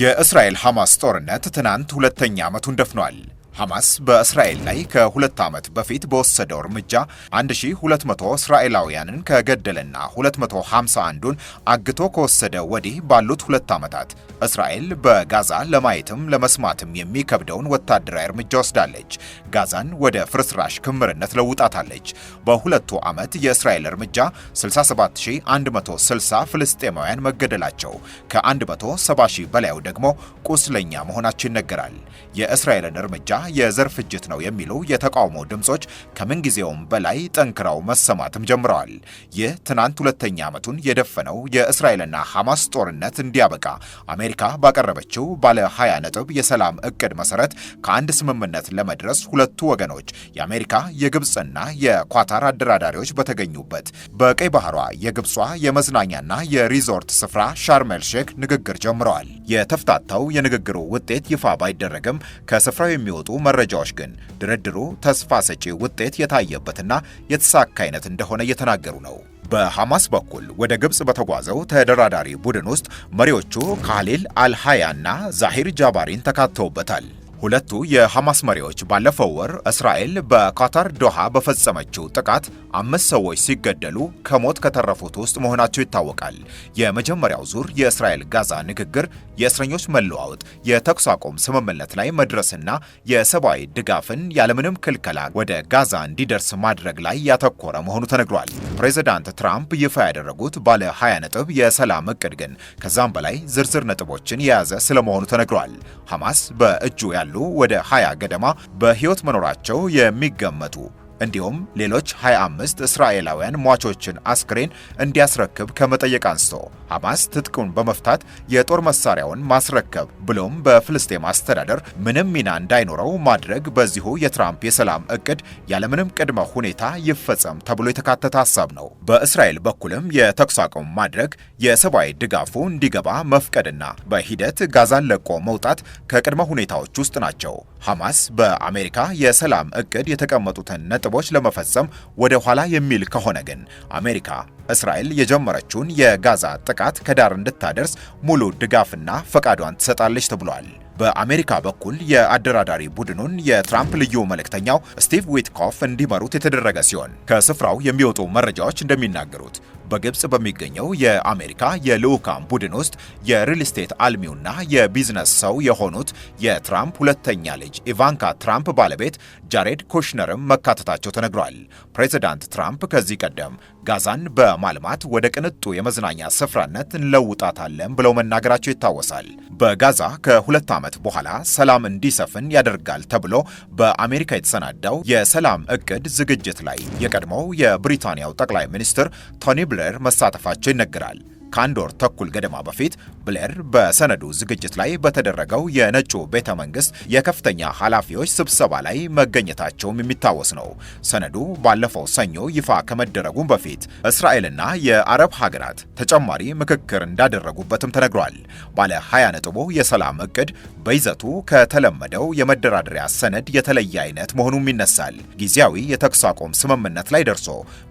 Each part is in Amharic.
የእስራኤል ሐማስ ጦርነት ትናንት ሁለተኛ ዓመቱን ደፍኗል። ሐማስ በእስራኤል ላይ ከሁለት ዓመት በፊት በወሰደው እርምጃ 1200 እስራኤላውያንን ከገደለና 251ዱን አግቶ ከወሰደ ወዲህ ባሉት ሁለት ዓመታት እስራኤል በጋዛ ለማየትም ለመስማትም የሚከብደውን ወታደራዊ እርምጃ ወስዳለች። ጋዛን ወደ ፍርስራሽ ክምርነት ለውጣታለች። በሁለቱ ዓመት የእስራኤል እርምጃ 67160 ፍልስጤማውያን መገደላቸው ከ170 ሺህ በላዩ ደግሞ ቁስለኛ መሆናቸው ይነገራል። የእስራኤልን እርምጃ የዘር ፍጅት ነው የሚሉ የተቃውሞ ድምጾች ከምንጊዜውም በላይ ጠንክረው መሰማትም ጀምረዋል። ይህ ትናንት ሁለተኛ ዓመቱን የደፈነው የእስራኤልና ሐማስ ጦርነት እንዲያበቃ አሜሪካ ባቀረበችው ባለ 20 ነጥብ የሰላም እቅድ መሰረት ከአንድ ስምምነት ለመድረስ ሁለቱ ወገኖች የአሜሪካ የግብፅና የኳታር አደራዳሪዎች በተገኙበት በቀይ ባህሯ የግብጿ የመዝናኛና የሪዞርት ስፍራ ሻርሜል ሼክ ንግግር ጀምረዋል። የተፍታታው የንግግሩ ውጤት ይፋ ባይደረግም ከስፍራው የሚወጡ መረጃዎች ግን ድርድሩ ተስፋ ሰጪ ውጤት የታየበትና የተሳካ አይነት እንደሆነ እየተናገሩ ነው። በሐማስ በኩል ወደ ግብፅ በተጓዘው ተደራዳሪ ቡድን ውስጥ መሪዎቹ ካሊል አልሃያ እና ዛሂር ጃባሪን ተካተውበታል። ሁለቱ የሐማስ መሪዎች ባለፈው ወር እስራኤል በካታር ዶሃ በፈጸመችው ጥቃት አምስት ሰዎች ሲገደሉ ከሞት ከተረፉት ውስጥ መሆናቸው ይታወቃል። የመጀመሪያው ዙር የእስራኤል ጋዛ ንግግር የእስረኞች መለዋወጥ፣ የተኩስ አቁም ስምምነት ላይ መድረስና የሰብአዊ ድጋፍን ያለምንም ክልከላ ወደ ጋዛ እንዲደርስ ማድረግ ላይ ያተኮረ መሆኑ ተነግሯል። ፕሬዚዳንት ትራምፕ ይፋ ያደረጉት ባለ 20 ነጥብ የሰላም እቅድ ግን ከዛም በላይ ዝርዝር ነጥቦችን የያዘ ስለመሆኑ ተነግሯል። ሐማስ በእጁ ያሉ ወደ 20 ገደማ በህይወት መኖራቸው የሚገመቱ እንዲሁም ሌሎች 25 እስራኤላውያን ሟቾችን አስክሬን እንዲያስረክብ ከመጠየቅ አንስቶ ሐማስ ትጥቁን በመፍታት የጦር መሳሪያውን ማስረከብ ብሎም በፍልስጤም አስተዳደር ምንም ሚና እንዳይኖረው ማድረግ በዚሁ የትራምፕ የሰላም እቅድ ያለምንም ቅድመ ሁኔታ ይፈጸም ተብሎ የተካተተ ሀሳብ ነው። በእስራኤል በኩልም የተኩስ አቁም ማድረግ፣ የሰብአዊ ድጋፉ እንዲገባ መፍቀድና በሂደት ጋዛን ለቆ መውጣት ከቅድመ ሁኔታዎች ውስጥ ናቸው። ሐማስ በአሜሪካ የሰላም እቅድ የተቀመጡትን ነጥ ነጥቦች ለመፈጸም ወደ ኋላ የሚል ከሆነ ግን አሜሪካ እስራኤል የጀመረችውን የጋዛ ጥቃት ከዳር እንድታደርስ ሙሉ ድጋፍና ፈቃዷን ትሰጣለች ተብሏል። በአሜሪካ በኩል የአደራዳሪ ቡድኑን የትራምፕ ልዩ መልእክተኛው ስቲቭ ዊትኮፍ እንዲመሩት የተደረገ ሲሆን ከስፍራው የሚወጡ መረጃዎች እንደሚናገሩት በግብፅ በሚገኘው የአሜሪካ የልዑካን ቡድን ውስጥ የሪል ስቴት አልሚውና የቢዝነስ ሰው የሆኑት የትራምፕ ሁለተኛ ልጅ ኢቫንካ ትራምፕ ባለቤት ጃሬድ ኩሽነርም መካተታቸው ተነግሯል። ፕሬዚዳንት ትራምፕ ከዚህ ቀደም ጋዛን በማልማት ወደ ቅንጡ የመዝናኛ ስፍራነት እንለውጣታለን ብለው መናገራቸው ይታወሳል። በጋዛ ከሁለት ዓመት ዓመት በኋላ ሰላም እንዲሰፍን ያደርጋል ተብሎ በአሜሪካ የተሰናዳው የሰላም እቅድ ዝግጅት ላይ የቀድሞው የብሪታንያው ጠቅላይ ሚኒስትር ቶኒ ብለር መሳተፋቸው ይነገራል። ከአንድ ወር ተኩል ገደማ በፊት ብሌር በሰነዱ ዝግጅት ላይ በተደረገው የነጩ ቤተ መንግስት የከፍተኛ ኃላፊዎች ስብሰባ ላይ መገኘታቸውም የሚታወስ ነው። ሰነዱ ባለፈው ሰኞ ይፋ ከመደረጉም በፊት እስራኤልና የአረብ ሀገራት ተጨማሪ ምክክር እንዳደረጉበትም ተነግሯል። ባለ 20 ነጥቡ የሰላም እቅድ በይዘቱ ከተለመደው የመደራደሪያ ሰነድ የተለየ አይነት መሆኑም ይነሳል። ጊዜያዊ የተኩስ አቁም ስምምነት ላይ ደርሶ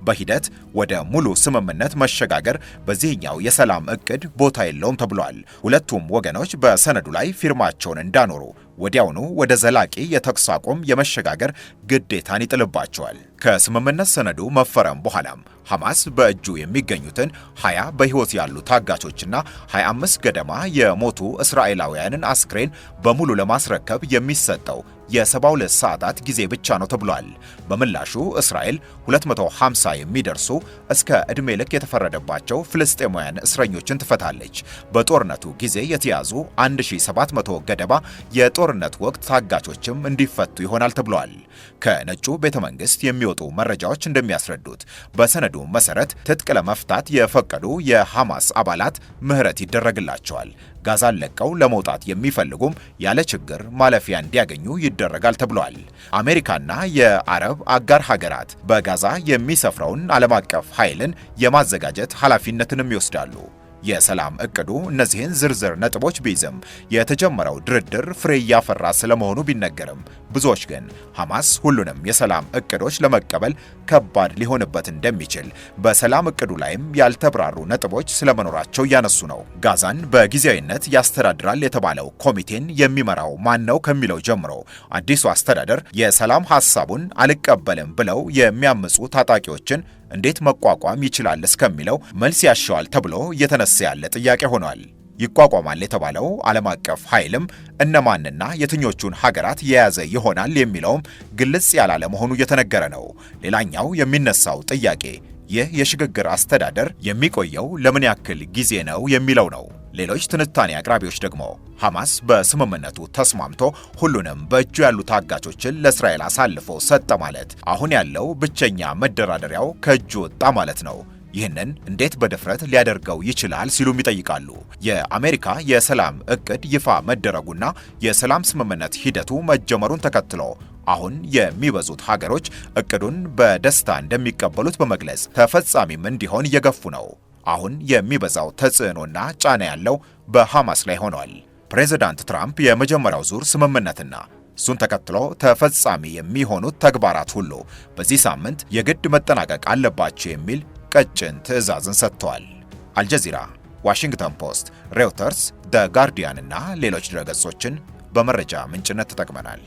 በሂደት ወደ ሙሉ ስምምነት መሸጋገር በዚህኛው የሰላም እቅድ ቦታ የለውም ተብሏል። ተናግረዋል። ሁለቱም ወገኖች በሰነዱ ላይ ፊርማቸውን እንዳኖሩ ወዲያውኑ ወደ ዘላቂ የተኩስ አቁም የመሸጋገር ግዴታን ይጥልባቸዋል። ከስምምነት ሰነዱ መፈረም በኋላም ሐማስ በእጁ የሚገኙትን 20 በሕይወት ያሉ ታጋቾችና 25 ገደማ የሞቱ እስራኤላውያንን አስክሬን በሙሉ ለማስረከብ የሚሰጠው የ72 ሰዓታት ጊዜ ብቻ ነው ተብሏል። በምላሹ እስራኤል 250 የሚደርሱ እስከ ዕድሜ ልክ የተፈረደባቸው ፍልስጤማውያን እስረኞችን ትፈታለች። በጦርነቱ ጊዜ የተያዙ 1700 ገደማ የጦር ጦርነት ወቅት ታጋቾችም እንዲፈቱ ይሆናል ተብሏል። ከነጩ ቤተ መንግስት የሚወጡ መረጃዎች እንደሚያስረዱት በሰነዱ መሰረት ትጥቅ ለመፍታት የፈቀዱ የሐማስ አባላት ምህረት ይደረግላቸዋል። ጋዛን ለቀው ለመውጣት የሚፈልጉም ያለ ችግር ማለፊያ እንዲያገኙ ይደረጋል ተብሏል። አሜሪካና የአረብ አጋር ሀገራት በጋዛ የሚሰፍረውን ዓለም አቀፍ ኃይልን የማዘጋጀት ኃላፊነትንም ይወስዳሉ። የሰላም እቅዱ እነዚህን ዝርዝር ነጥቦች ቢይዝም የተጀመረው ድርድር ፍሬ እያፈራ ስለመሆኑ ቢነገርም ብዙዎች ግን ሐማስ ሁሉንም የሰላም እቅዶች ለመቀበል ከባድ ሊሆንበት እንደሚችል በሰላም እቅዱ ላይም ያልተብራሩ ነጥቦች ስለመኖራቸው እያነሱ ነው። ጋዛን በጊዜያዊነት ያስተዳድራል የተባለው ኮሚቴን የሚመራው ማን ነው ከሚለው ጀምሮ አዲሱ አስተዳደር የሰላም ሐሳቡን አልቀበልም ብለው የሚያምፁ ታጣቂዎችን እንዴት መቋቋም ይችላል እስከሚለው መልስ ያሻዋል ተብሎ እየተነሳ ያለ ጥያቄ ሆኗል። ይቋቋማል የተባለው ዓለም አቀፍ ኃይልም እነማንና የትኞቹን ሀገራት የያዘ ይሆናል የሚለውም ግልጽ ያላለ መሆኑ እየተነገረ ነው። ሌላኛው የሚነሳው ጥያቄ ይህ የሽግግር አስተዳደር የሚቆየው ለምን ያክል ጊዜ ነው የሚለው ነው። ሌሎች ትንታኔ አቅራቢዎች ደግሞ ሐማስ በስምምነቱ ተስማምቶ ሁሉንም በእጁ ያሉ ታጋቾችን ለእስራኤል አሳልፎ ሰጠ ማለት አሁን ያለው ብቸኛ መደራደሪያው ከእጁ ወጣ ማለት ነው። ይህንን እንዴት በድፍረት ሊያደርገው ይችላል ሲሉም ይጠይቃሉ። የአሜሪካ የሰላም እቅድ ይፋ መደረጉና የሰላም ስምምነት ሂደቱ መጀመሩን ተከትሎ አሁን የሚበዙት ሀገሮች እቅዱን በደስታ እንደሚቀበሉት በመግለጽ ተፈጻሚም እንዲሆን እየገፉ ነው። አሁን የሚበዛው ተጽዕኖና ጫና ያለው በሐማስ ላይ ሆኗል። ፕሬዚዳንት ትራምፕ የመጀመሪያው ዙር ስምምነትና እሱን ተከትሎ ተፈጻሚ የሚሆኑት ተግባራት ሁሉ በዚህ ሳምንት የግድ መጠናቀቅ አለባቸው የሚል ቀጭን ትዕዛዝን ሰጥተዋል። አልጀዚራ፣ ዋሽንግተን ፖስት፣ ሬውተርስ፣ ደ ጋርዲያን እና ሌሎች ድረገጾችን በመረጃ ምንጭነት ተጠቅመናል።